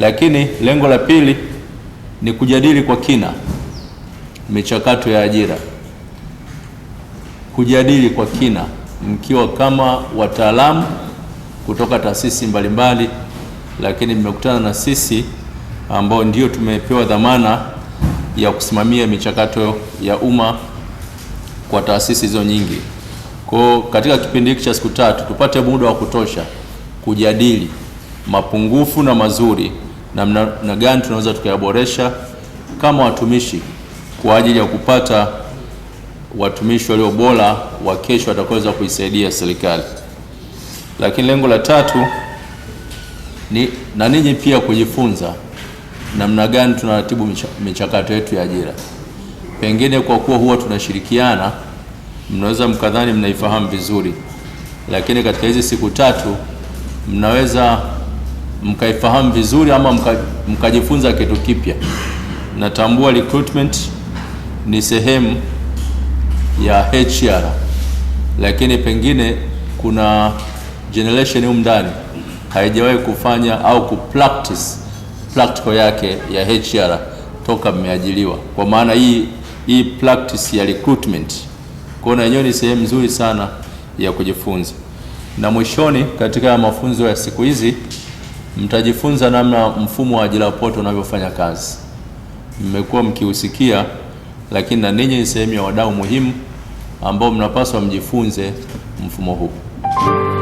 Lakini lengo la pili ni kujadili kwa kina michakato ya ajira, kujadili kwa kina mkiwa kama wataalamu kutoka taasisi mbalimbali, lakini mmekutana na sisi ambao ndio tumepewa dhamana ya kusimamia michakato ya umma kwa taasisi hizo nyingi. Kwa katika kipindi hiki cha siku tatu tupate muda wa kutosha kujadili mapungufu na mazuri namna na gani tunaweza tukayaboresha kama watumishi kwa ajili ya kupata watumishi walio bora wa kesho watakaoweza kuisaidia serikali. Lakini lengo la tatu ni na ninyi pia kujifunza namna gani tunaratibu michakato yetu ya ajira. Pengine kwa kuwa huwa tunashirikiana, mnaweza mkadhani mnaifahamu vizuri, lakini katika hizi siku tatu mnaweza mkaifahamu vizuri ama mkajifunza kitu kipya. Natambua recruitment ni sehemu ya HR, lakini pengine kuna generation humu ndani haijawahi kufanya au kupractice practical yake ya HR toka mmeajiliwa, kwa maana hii hii practice ya recruitment kwa na yenyewe ni sehemu nzuri sana ya kujifunza. Na mwishoni katika mafunzo ya siku hizi mtajifunza namna mfumo wa ajira poto unavyofanya kazi. Mmekuwa mkihusikia lakini na ninyi ni sehemu ya wadau muhimu ambao mnapaswa mjifunze mfumo huu.